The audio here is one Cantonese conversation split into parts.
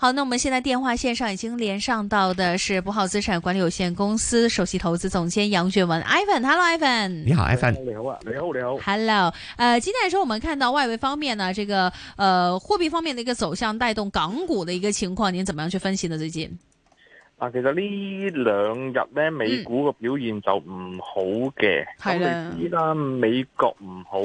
好，那我們現在電話線上已經連上到的是博浩資產管理有限公司首席投資總監楊俊文 Ivan, Hello, Ivan 你好 Ivan 你好，啊你好，好，好 Hello 呃，今天來說，我們看到外圍方面呢，這個呃貨幣方面的一個走向帶動港股的一個情況，您怎麼樣去分析呢？最近？啊，其實呢兩日呢，美股的表現就唔好嘅，我、嗯、啦，美國唔好，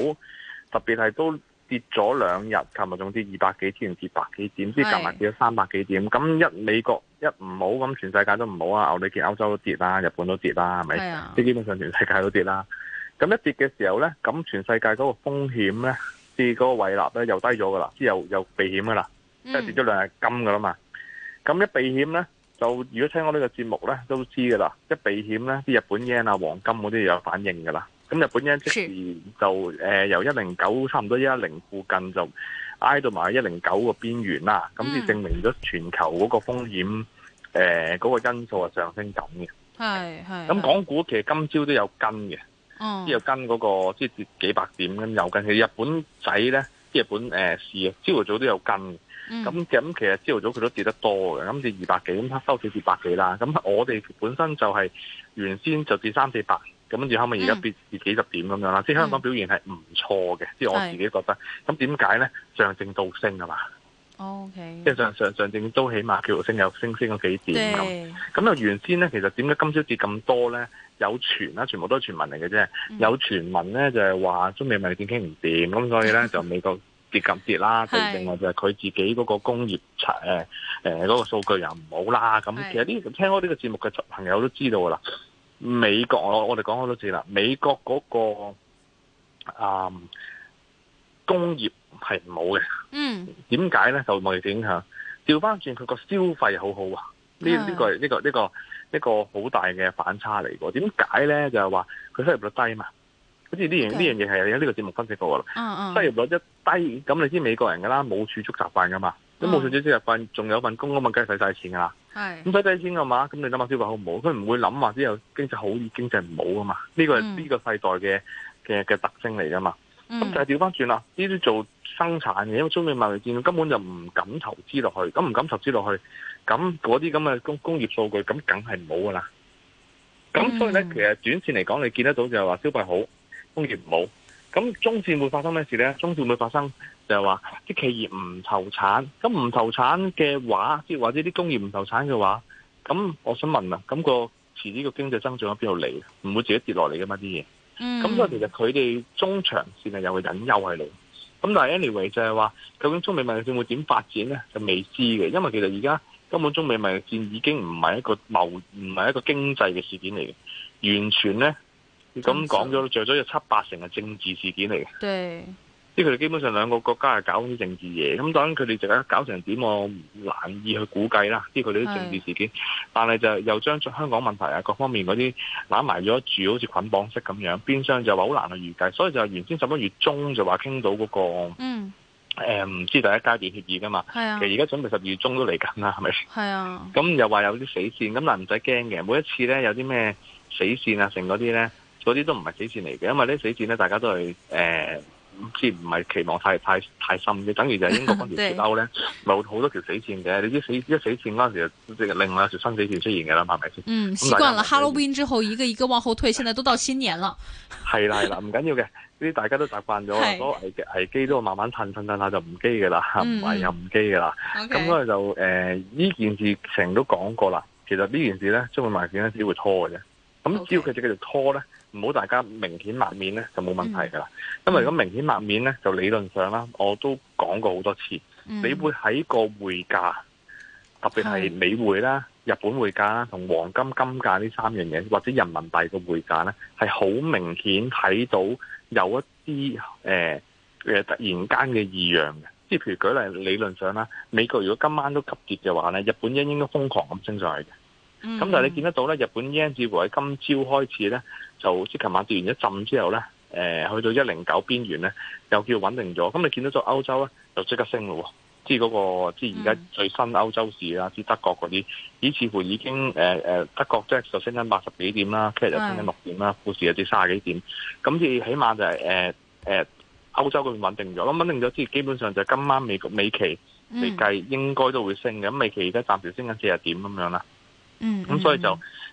特別係都。跌咗兩日，琴日總之二百幾點，才跌百幾點，之琴日跌咗三百幾點。咁一美國一唔好咁，全世界都唔好啊！奧地利、歐洲都跌啦，日本都跌啦，係咪？即、啊、基本上全世界都跌啦。咁一跌嘅時候咧，咁全世界嗰、嗰個風險咧，即嗰個位納咧又低咗噶啦，之後又又避險噶啦，即係跌咗兩日金噶啦嘛。咁、嗯、一避險咧，就如果聽我呢個節目咧，都知噶啦。一避險咧，啲日本 yen 啊、黃金嗰啲有反應噶啦。咁日本人即時就誒由一零九差唔多一零附近就挨到埋一零九個邊緣啦，咁、嗯、就證明咗全球嗰個風險誒嗰、呃那個因素係上升緊嘅。咁港股其實今朝都有跟嘅，都有跟嗰個即跌幾百點咁，有近其日本仔咧，日本誒市朝頭早都有跟，咁、嗯、咁、那個就是呃嗯、其實朝頭早佢都跌得多嘅，咁至二百幾咁收住跌百幾啦。咁我哋本身就係、是、原先就跌三四百，咁跟住後尾而家跌跌幾十點咁樣啦，即係香港表現係唔錯嘅，即係我自己覺得。咁點解咧？上證到升啊嘛。O K。即係上上上證都起碼叫升，有升升咗幾點咁。咁啊原先咧，其實點解今朝跌咁多咧？有傳啦，全部都係傳聞嚟嘅啫。有傳聞咧，就係話中美貿易戰傾唔掂，咁所以咧就美國跌咁跌啦。另外就係佢自己嗰個工業誒嗰、呃嗰個數據又唔好啦。咁其實呢，聽過呢個節目嘅朋友都知道啦。美國我我哋講好多次啦，美國嗰個啊工業係唔好嘅，嗯，點解咧就貿易戰影響？調翻轉佢個消費好好啊，呢、呢、呢個呢、呢個呢、呢個一個好大嘅反差嚟嘅。點解咧就係話佢失業率低嘛？好似呢樣呢樣嘢係有呢個節目分析過啦，嗯嗯，失業率一低，咁你知美國人噶啦，冇儲蓄習慣噶嘛。咁冇少少收入份，仲有一份工啊嘛，梗係使晒錢噶啦。係咁使曬錢㗎嘛，咁、嗯嗯、你諗下消費好唔好？佢唔會諗話之後經濟好，經濟唔好啊嘛。呢個係呢個世代嘅嘅嘅特徵嚟噶嘛。咁就係調翻轉啦。呢啲做生產嘅，因為中美貿易戰根本就唔敢投資落去，咁唔敢投資落去，咁嗰啲咁嘅工工業數據，咁梗係唔好噶啦。咁所以咧、嗯，其實短線嚟講，你見得到就係話消費好，工業唔好。咁中線會發生咩事咧？中線會發生就係話啲企業唔投產，咁唔投產嘅話，即係或者啲工業唔投產嘅話，咁我想問啊，咁個遲啲個經濟增長喺邊度嚟？唔會自己跌落嚟噶嘛啲嘢。咁、嗯、所以其實佢哋中長線係有個隱憂喺度。咁但係 anyway 就係話，究竟中美貿易戰會點發展咧？就未知嘅，因為其實而家根本中美貿易戰已經唔係一個貿唔係一個經濟嘅事件嚟嘅，完全咧。咁講咗，着咗有七八成係政治事件嚟嘅。對。即係佢哋基本上兩個國家係搞啲政治嘢。咁當然佢哋就搞成點，我難以去估計啦。啲佢哋啲政治事件，但係就又將香港問題啊各方面嗰啲攬埋咗住，好似捆綁式咁樣。邊商就話好難去預計，所以就原先十一月中就話傾到嗰個，嗯，呃唔知第一階段協議㗎嘛。係啊，其實而家準備十二月中都嚟緊啦，係咪？係啊。咁又話有啲死線，咁嗱唔使驚嘅。每一次咧有啲咩死線啊，成嗰啲咧。嗰啲都唔係死線嚟嘅，因為呢死線咧大家都係誒唔知唔係期望太太太深嘅，等於就係英國嗰條脫歐咧冇好多條死線嘅，你啲死一死線嗰陣時，即係另外一條新死線出現嘅啦，係咪先？嗯，習慣了，就係。Halloween 之後一個一個往後退， 現在都到新年啦。 係啦係啦，唔緊要嘅，呢啲大家都習慣咗， 所以危危機都慢慢褪褪褪下就唔機嘅啦，唔係又唔機嘅啦。咁嗰個就誒呢、呃、件事成都講過啦，其實呢件事咧將會慢啲咧只會拖嘅啫，咁只要佢哋繼續拖咧。Okay. 呢唔好大家明顯抹面咧，就冇問題噶啦。因為如果明顯抹面咧，就理論上啦，我都講過好多次，你會喺個匯價，特別係美匯啦、日本匯價啦同黃金金價呢三樣嘢，或者人民幣嘅匯價咧，係好明顯睇到有一啲誒誒突然間嘅異樣嘅。即係譬如舉例理論上啦，美國如果今晚都急跌嘅話咧，日本 yen 應該瘋狂咁升上去嘅。咁但係你見得到咧，日本 yen 至乎喺今朝開始咧。就即琴晚跌完一浸之後咧，去到一零九邊緣咧，又叫穩定咗。咁你見到咗歐洲咧，就即刻升咯。係、即係、嗰個即係而家最新歐洲市即係、嗯、德國嗰啲，已似乎已經誒德國即係就升緊八十幾點啦，劇又升緊六點啦，富士又跌卅幾點。咁至起碼就係誒誒歐洲嗰邊穩定咗。咁穩定咗之後，基本上就今晚美美期未計、嗯、應該都會升嘅。咁美期而家暫時升緊四十點咁樣啦。嗯，咁所以就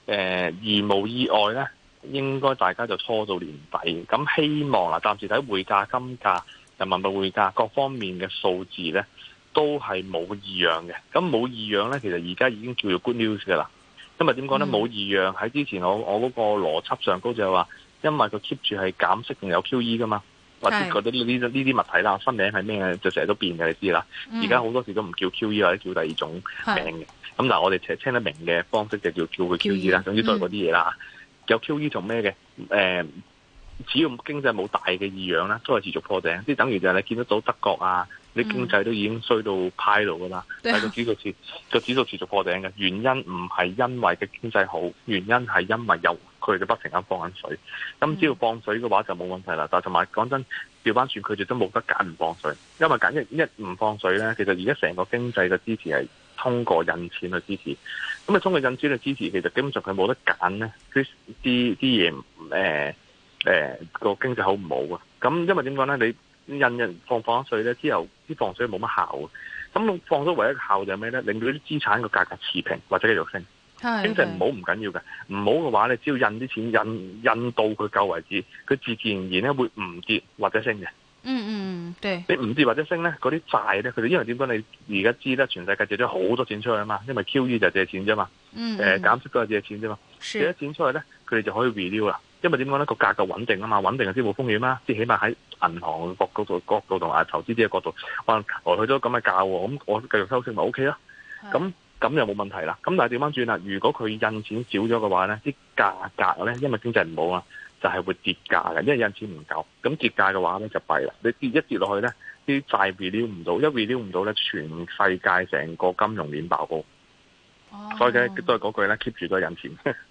誒，如、嗯、無意外咧。應該大家就拖到年底，咁希望啦，暫時睇匯價、金價、人民幣匯價各方面嘅數字咧，都係冇異樣嘅。咁冇異樣咧，其實而家已經叫做 good news 㗎啦。因為點講咧，冇、嗯、異樣喺之前我我嗰個邏輯上高就係話，因為佢 keep 住係減息仲有 QE 噶嘛，或者覺得呢呢呢啲物體啦，分名係咩就成日都變嘅，你知啦。而家好多時都唔叫 QE 啦，或者叫第二種名嘅。咁嗱，我哋其實聽得明嘅方式就叫叫佢 QE 啦，總之都係嗰啲嘢啦。有 QE 做咩嘅？誒、呃，只要經濟冇大嘅異樣啦，都係持續破頂。即係等於就係你見得到德國啊，啲經濟都已經衰到派到噶啦，個、嗯、指數持個指數持續破頂嘅原因唔係因為嘅經濟好，原因係因為有佢哋不停咁放緊水。咁、嗯嗯、只要放水嘅話就冇問題啦。但係同埋講真，調翻轉佢哋都冇得揀唔放水，因為揀一一唔放水咧，其實而家成個經濟嘅支持係。通過印錢去支持，咁啊通過印錢去支持，其實基本上佢冇得揀咧，啲啲啲嘢誒誒個經濟好唔好啊？咁因為點講咧？你印印放放水咧，之後啲放水冇乜效，咁放咗唯一效就係咩咧？令到啲資產個價格持平或者繼續升， 經濟唔好唔緊要嘅，唔好嘅話你只要印啲錢印印到佢夠為止，佢自自然然咧會唔跌或者升嘅。嗯嗯。 對你唔知或者升咧，嗰啲債咧，佢哋因為點講？你而家知啦，全世界借咗好多錢出去啊嘛，因為 QE 就係借錢啫嘛，誒、嗯嗯呃、減息都係借錢啫嘛。借咗錢出去咧，佢哋就可以 renew 啦，因為點講咧？個價格穩定啊嘛，穩定嘅先冇風險啦，即係起碼喺銀行角度、角度、角度同埋投資啲嘅角度，來來去都咁嘅價喎。咁我繼續收息咪 OK 啦。咁咁又冇問題啦。咁但係點翻轉啦，如果佢印錢少咗嘅話咧，啲價格咧，因為經濟唔好啊。就係、是、會跌價嘅，因為印錢唔夠，咁跌價嘅話咧就弊啦。你跌一跌落去咧，啲債 r e 唔到，一 r e 唔到咧，全世界成個金融鏈爆煲。Oh. 所以咧，都係嗰句咧，keep 住都係印錢。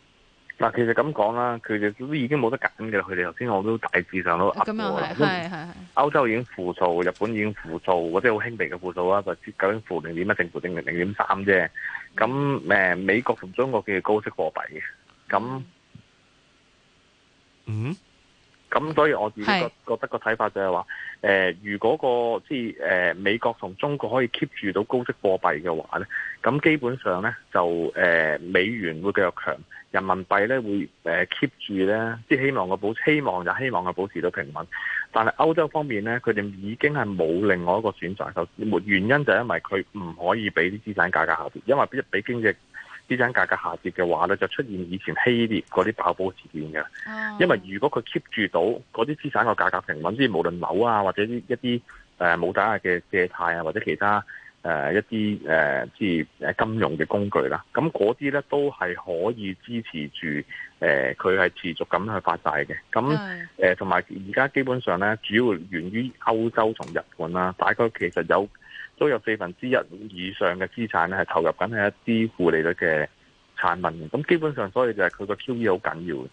嗱，其實咁講啦，佢哋都已經冇得揀嘅。佢哋頭先我都大致上都噏過啦。歐洲已經負數，日本已經負數，或者好輕微嘅負數啦，就接、是、究竟負零點一定負定零零點三啫。咁誒，美國同中國嘅高息貨幣咁，嗯。嗯。咁所以我自己覺覺得個睇法就係話，誒、呃，如果個即係誒美國同中國可以 keep 住到高息貨幣嘅話咧，咁基本上咧就誒、呃、美元會繼續強，人民幣咧會 keep 住咧，即係希望個保希望就希望個保持到平穩。但係歐洲方面咧，佢哋已經係冇另外一個選擇，原因就係因為佢唔可以俾啲資產價格下跌，因為一俾經濟。資產價格下跌嘅話咧，就出現以前希臘嗰啲爆煲事件嘅。Oh. 因為如果佢 keep 住到嗰啲資產個價格平穩，即係無論樓啊，或者一啲誒冇抵押嘅借貸啊，或者其他誒、呃、一啲誒即係金融嘅工具啦，咁嗰啲咧都係可以支持住誒佢係持續咁去發債嘅。咁誒同埋而家基本上咧，主要源於歐洲同日本啦，大概其實有，都有四分之一以上嘅資產咧，係投入緊係一啲負利率嘅產品。咁基本上，所以就係佢個 QE 好緊要。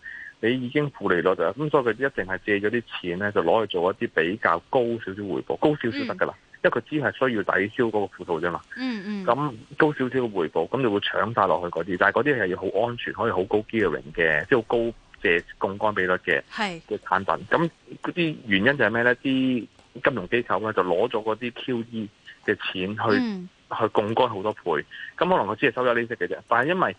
你已經負利率就咁，所以佢一定係借咗啲錢咧，就攞去做一啲比較高少少回報，高少少得噶啦。因為佢只係需要抵消嗰個負數啫嘛。嗯嗯。咁高少少嘅回報，咁就會搶晒落去嗰啲。但係嗰啲係要好安全，可以好高 gearing 嘅，即係好高借槓杆比率嘅嘅產品。咁嗰啲原因就係咩咧？啲金融機構咧就攞咗嗰啲 QE。嘅錢去、嗯、去槓桿好多倍，咁可能佢只係收咗一厘息嘅啫。但係因為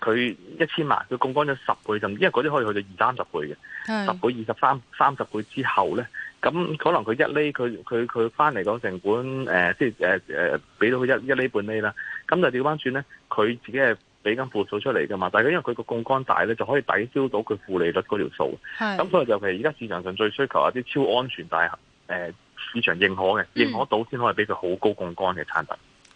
佢一千萬，佢槓桿咗十倍甚至，因為嗰啲可以去到二三十倍嘅十倍、二十三三十倍之後咧，咁可能佢一厘，佢佢佢翻嚟講成本誒、呃，即係誒誒，俾、呃、到佢一一厘半厘啦。咁就調翻轉咧，佢自己係俾緊負數出嚟噶嘛。但係因為佢個槓桿大咧，就可以抵消到佢負利率嗰條數。咁，所以就譬如而家市場上最需求一啲超安全大誒。呃市場認可嘅，認可到先可以俾佢好高槓桿嘅產品。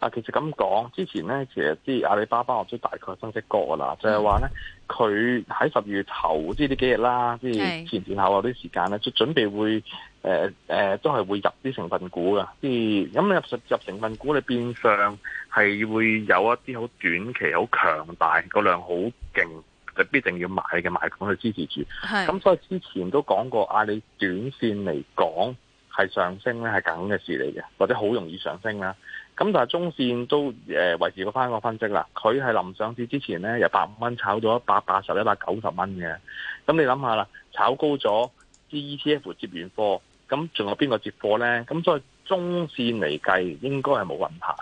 啊，其實咁講，之前咧，其實啲阿里巴巴我都大概分析過啦、嗯，就係話咧，佢喺十二月頭即係呢幾日啦，即前前後後啲時間咧，就準備會誒誒、呃呃，都係會入啲成分股噶。即係咁入入成分股，你變相係會有一啲好短期、好強大、個量，好勁就必定要買嘅賣咁去支持住。係咁，所以之前都講過，阿、啊、里短線嚟講係上升咧，係梗嘅事嚟嘅，或者好容易上升啦。咁但係中線都誒維持個翻個分析啦。佢係臨上市之前咧，由百五蚊炒到一百八十、一百九十蚊嘅。咁你諗下啦，炒高咗啲 ETF 接完貨，咁仲有邊個接貨咧？咁所以中線嚟計，應該係冇運行。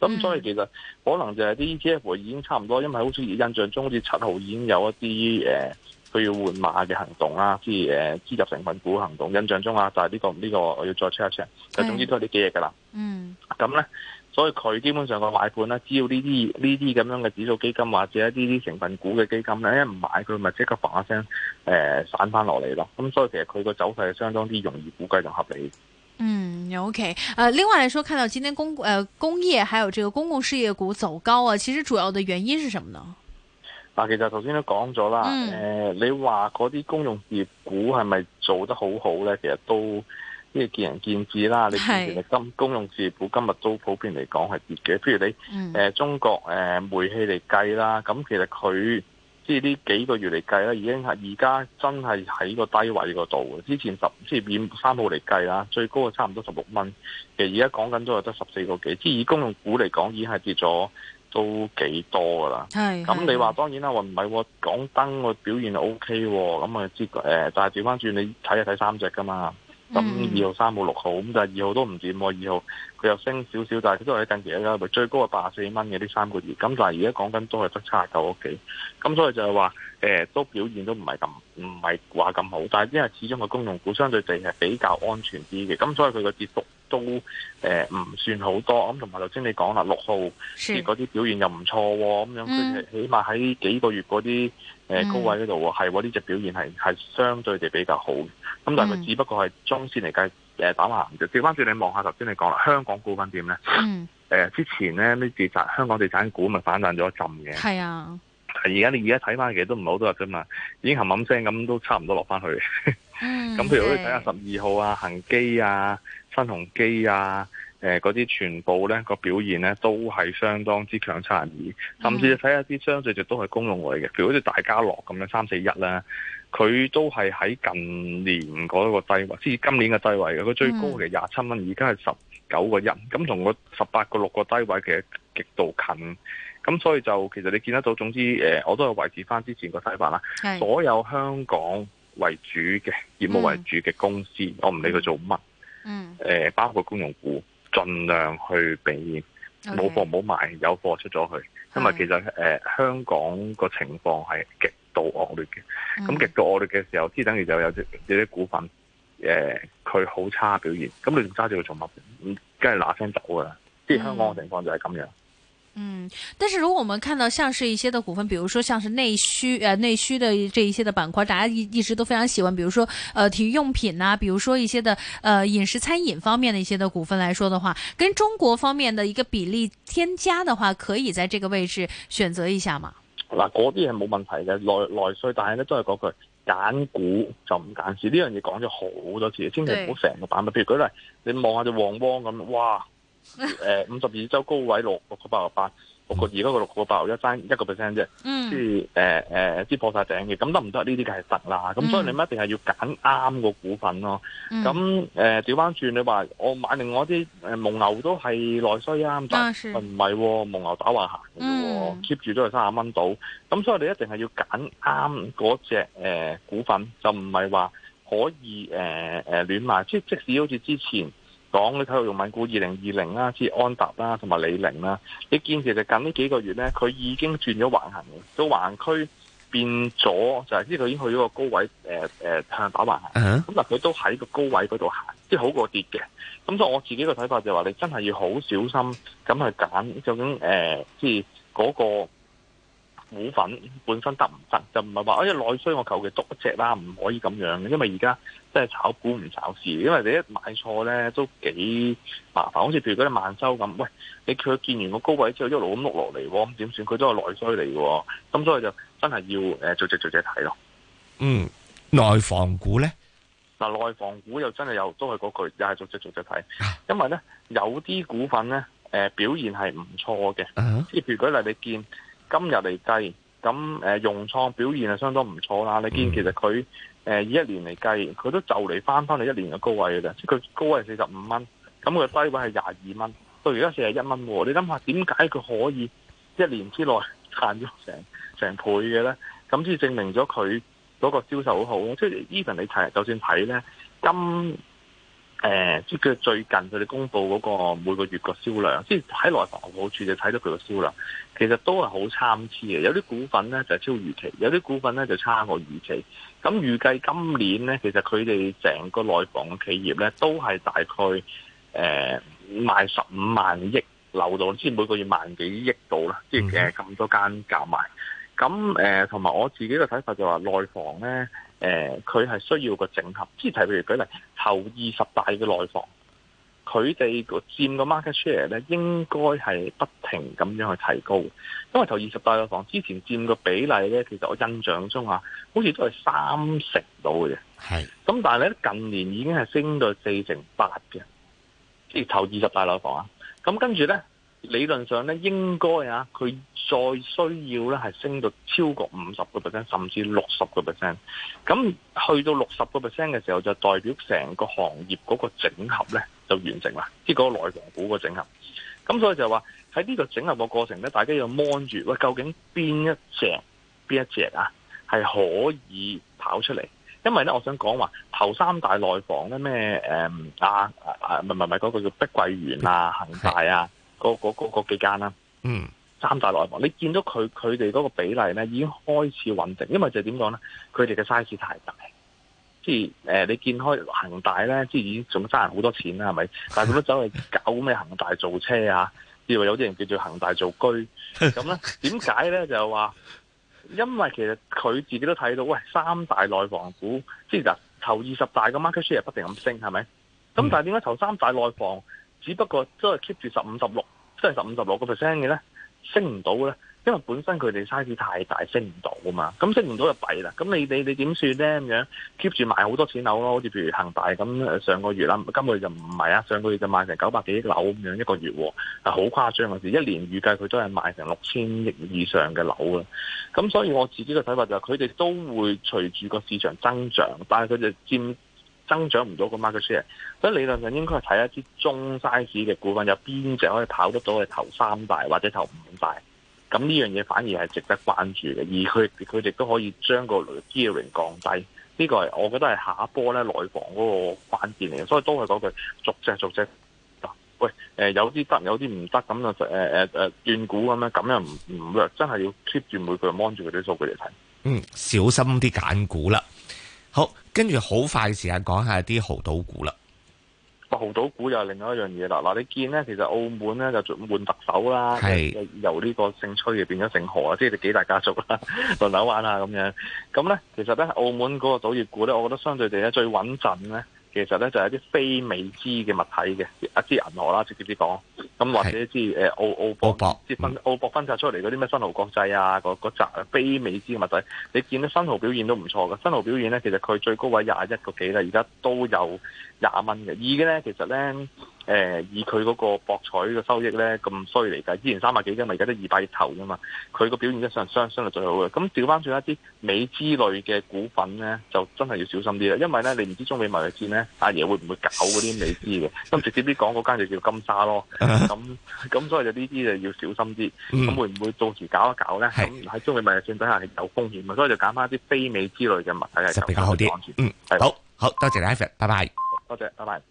咁所以其實可能就係啲 ETF 已經差唔多，因為好似印象中好似七號已經有一啲誒，佢、呃、要換馬嘅行動啦，即係誒注入成分股行動。印象中啊、呢個，就係呢個呢個我要再 check 一 check。但係總之都係呢幾日㗎啦。嗯。咁咧？所以佢基本上個買盤咧，只要呢啲呢啲咁樣嘅指數基金或者一啲啲成分股嘅基金咧，一、哎、唔買佢咪即刻嘭一聲誒，散翻落嚟咯。咁、嗯、所以其實佢個走勢係相當之容易估計同合理。嗯，OK。誒、呃，另外嚟說，看到今天工誒、呃、工業還有這個公共事業股走高啊，其實主要的原因是什麼呢？嗱、啊，其實頭先都講咗啦，誒、嗯呃，你話嗰啲公用事業股係咪做得很好好咧？其實都。即係見仁見智啦。你其實今公用事業股今日都普遍嚟講係跌嘅。譬如你誒、嗯呃、中國誒、呃、煤氣嚟計啦，咁其實佢即係呢幾個月嚟計啦，已經係而家真係喺個低位個度，之前十即係二三號嚟計啦，最高啊差唔多十六蚊。其實而家講緊都係得十四個幾。即係以公用股嚟講，已經係跌咗都幾多噶啦。咁你話當然啦，話唔係、講燈個表現 O K 喎。咁啊，誒、呃，但係轉翻轉你睇一睇三隻噶嘛。咁、嗯、二號、號、號、三號、六號，咁就二號都唔掂喎，二號佢又升少少，但係佢都係近期嘢啦，最高係八十四蚊嘅呢三個月，咁但係而家講緊都係得七十九蚊幾，咁所以就係話誒都表現都唔係咁唔係話咁好，但係因為始終個公用股相對地係比較安全啲嘅，咁所以佢個跌幅。都誒唔、呃、算好多咁，同埋頭先你講啦，六號嗰啲表現又唔錯喎，咁樣佢起碼喺幾個月嗰啲誒高位嗰度喎，係喎呢隻表現係係相對地比較好。咁、嗯、但係咪只不過係中線嚟計誒打橫嘅。調翻轉你望下頭先你講啦，香港股份點咧、嗯呃？之前咧啲地產香港地產股咪反彈咗一陣嘅。係啊，而家你而家睇翻其實都唔係好多日啫嘛，已經冚冚聲咁都差唔多落翻去。 咁譬如你睇下十二號啊、恒基啊、新鴻基啊、誒嗰啲全部咧、個表現咧都係相當之強差人意，甚至睇下啲相對值都係公用類嘅，譬如好似大家樂咁樣三四一啦，佢都係喺近年嗰個低位，即今年嘅低位嘅，佢最高嘅廿七蚊，而家係十九個一，咁同個十八個六個低位其實極度近，咁所以就其實你見得到，總之、呃、我都係維持翻之前個睇法啦，所有香港。為主嘅業務為主嘅公司，嗯、我唔理佢做乜，誒、嗯、呃，包括公用股，盡量去避免冇貨冇賣，okay，有貨出咗去。因為其實誒、呃，香港個情況係極度惡劣嘅，咁、嗯、極、嗯、度惡劣嘅時候，即係等於就有啲啲股份，誒、呃，佢好差表現，咁你仲揸住佢做乜？咁梗係嗱聲走噶啦、嗯。即係香港嘅情況就係咁樣。嗯，但是，如果我們看到像是一些的股份，比如說像是內需，呃，內需的這一些的板塊，大家一一直都非常喜歡，比如說，呃，體育用品啊，比如說一些的，呃，飲食餐飲方面的一些的股份來說的話，跟中國方面的一個比例添加的話，可以在這個位置選擇一下嘛。嗱、啊，嗰啲係冇問題嘅，來來需內內需，但係呢都係嗰句，揀股就唔揀市，呢樣嘢講咗好多次，千祈唔好成個板塊，譬如舉例，你望下隻旺旺咁，哇！誒，五十二周高位六六個八六八，六個二個六個八六一，爭一個 percent 啫，即係誒誒，即破晒頂嘅，咁得唔得？呢啲梗係得啦。咁、mm. 所以你咪一定係要揀啱個股份咯。咁、mm. 誒，調翻轉你話我買另外一啲誒、呃，蒙牛都係內需啱，但係唔係喎，蒙牛打橫行嘅，keep、哦 mm. 住都係三十蚊到，咁所以你一定係要揀啱嗰隻誒股份，就唔係話可以誒誒亂買，即係即使好似之前。講你睇下用品股二零二零啦，即安踏啦，同埋李寧啦，你見其實近呢幾個月咧，佢已經轉咗橫行嘅，到橫區變咗就係知佢已經去咗個高位，誒、呃、誒、呃、向打橫行，咁但佢都喺個高位嗰度行，即係好過跌嘅。咁所以我自己嘅睇法就係話，你真係要好小心咁去揀，究竟誒、呃、即係嗰、那個。股份本身得唔得，就唔係話啊，即係內需，我求其捉一隻啦，唔可以咁樣嘅，因為而家即係炒股唔炒市，因為你一買錯咧都幾麻煩。好似譬如嗰隻萬洲咁，喂，你佢見完個高位之後一路咁碌落嚟，咁點算？佢都係內需嚟嘅，咁所以就真係要誒，逐隻逐隻睇咯。嗯，內房股咧，嗱，內房股又真係又都係嗰句，又係逐隻逐隻睇，因為咧有啲股份咧誒表現係唔錯嘅，即係譬如嗰啲你見。今日嚟計，咁誒、呃、融創表現係相當唔錯啦。你見其實佢誒、呃、以一年嚟計，佢都就嚟返返嚟一年嘅高位嘅啫。即係佢高位係四十五蚊，咁佢低位係廿二蚊，到而家四十一蚊喎。你諗下點解佢可以一年之內賺咗成成倍嘅咧？咁先證明咗佢嗰個銷售好好。即係 even 你睇，就算睇咧今。誒，即係佢最近佢哋公布嗰個每個月個銷量，即係喺內房好處就睇到佢個銷量，其實都係好參差嘅。有啲股份咧就超預期，有啲股份咧就差過預期。咁預計今年咧，其實佢哋成個內房嘅企業咧都係大概誒、呃、賣十五萬億流到，即係每個月萬幾億度啦，即係其實誒咁多間夾埋。咁誒同埋我自己嘅睇法就話內房咧。誒、呃，佢係需要個整合，即係提，譬如舉例，頭二十大嘅內房，佢哋個佔個 market share 咧，應該係不停咁樣去提高，因為頭二十大內房之前佔個比例咧，其實我印象中啊，好似都係三成到嘅，係，咁但係咧近年已經係升到四成八嘅，即係頭二十大內房啊，咁跟住咧。理論上咧，應該啊，佢再需要咧，係升到超過五十個 percent，甚至六十個 percent。咁去到六十個 percent 嘅時候，就代表成個行業嗰個整合咧就完成啦，即係個內房股個整合。咁所以就話喺呢個整合個過程咧，大家要望住，喂，究竟邊一隻、邊一隻啊，係可以跑出嚟？因為咧，我想講話頭三大內房咧，咩誒啊啊，唔係唔係唔係，嗰個叫碧桂園啊、恒大啊。嗰、嗰、嗰、個嗰個嗰個、幾間啦，嗯，三大內房，你見到佢佢哋嗰個比例咧已經開始穩定，因為就點講咧，佢哋嘅 size 太大，即係、呃、你見開恒大咧，即係已經仲爭人好多錢啦，係咪？ 但係佢都走去搞咩恒大造車啊？亦話有啲人叫做恒大造居咁咧？點解咧？呢 就係話，因為其實佢自己都睇到，喂，三大內房股，即係嗱、啊，頭二十大嘅 market share 不停咁升，係咪？咁 但係點解頭三大內房？只不過都係 keep 住十五十六，即係十五十六個 percent 嘅咧，升唔到咧，因為本身佢哋 size 太大，升唔到噶嘛，咁升唔到就弊啦。咁你你你點算咧？咁樣 keep 住賣好多錢樓咯，好似譬如恒大咁，上個月啦，今個月就唔係啊，上個月就賣成九百幾億樓咁樣一個月，係好誇張嘅事。一年預計佢都係賣成六千億以上嘅樓啦。咁所以我自己嘅睇法就係，佢哋都會隨住個市場增長，但係佢就佔。增長唔到個 market share，所以理論上應該係睇一啲中 size 嘅股份，有邊隻可以跑得到去頭三大或者頭五大？咁呢樣嘢反而係值得關注嘅。而佢佢哋都可以將個 gearing 降低，呢個係我覺得係下一波咧內房嗰個關鍵嚟嘅。所以都係嗰句，逐隻逐隻喂，誒有啲得，有啲唔得，咁就誒誒誒轉股咁樣，咁又唔唔弱，真係要 keep 住每個 mon 住佢啲數據嚟睇。嗯，小心啲揀股啦。好，跟住好快時間講下啲豪賭股啦。個豪賭股又係另外一樣嘢啦。嗱，你見咧，其實澳門咧就換特首啦，由呢個姓崔嘅變咗姓何啊，即係幾大家族啦，輪流玩啊咁樣。咁咧，其實咧，澳門嗰個賭業股咧，我覺得相對地咧最穩陣咧。其實咧就係、是、啲非美資嘅物體嘅，一、啊、支銀河啦直接啲講，咁或者啲誒、呃、澳澳博、澳博分，澳博分拆出嚟嗰啲咩新濠國際啊，嗰隻非美資嘅物體，你見到新濠表現都唔錯嘅。新濠表現咧其實佢最高位廿一個幾啦，而家都有廿蚊嘅，而嘅咧其實咧。誒、呃，以佢嗰個博彩嘅收益咧咁衰嚟噶，之前三百幾嘅，咪而家都二百億頭噶嘛。佢個表現真係相相相對最好嘅。咁調翻轉一啲美資類嘅股份咧，就真係要小心啲啦。因為咧，你唔知中美貿易戰咧，阿爺會唔會搞嗰啲美資嘅？咁 直接啲講，嗰間就叫金沙咯。咁、uh、咁 -huh. uh -huh. mm.，所以就呢啲就要小心啲。咁會唔會到時搞一搞咧？係喺中美貿易戰底下係有風險，所以就揀翻啲非美資類嘅物體係比較好啲，嗯，係、mm. 好好，多謝你 e 拜拜，多謝，拜拜。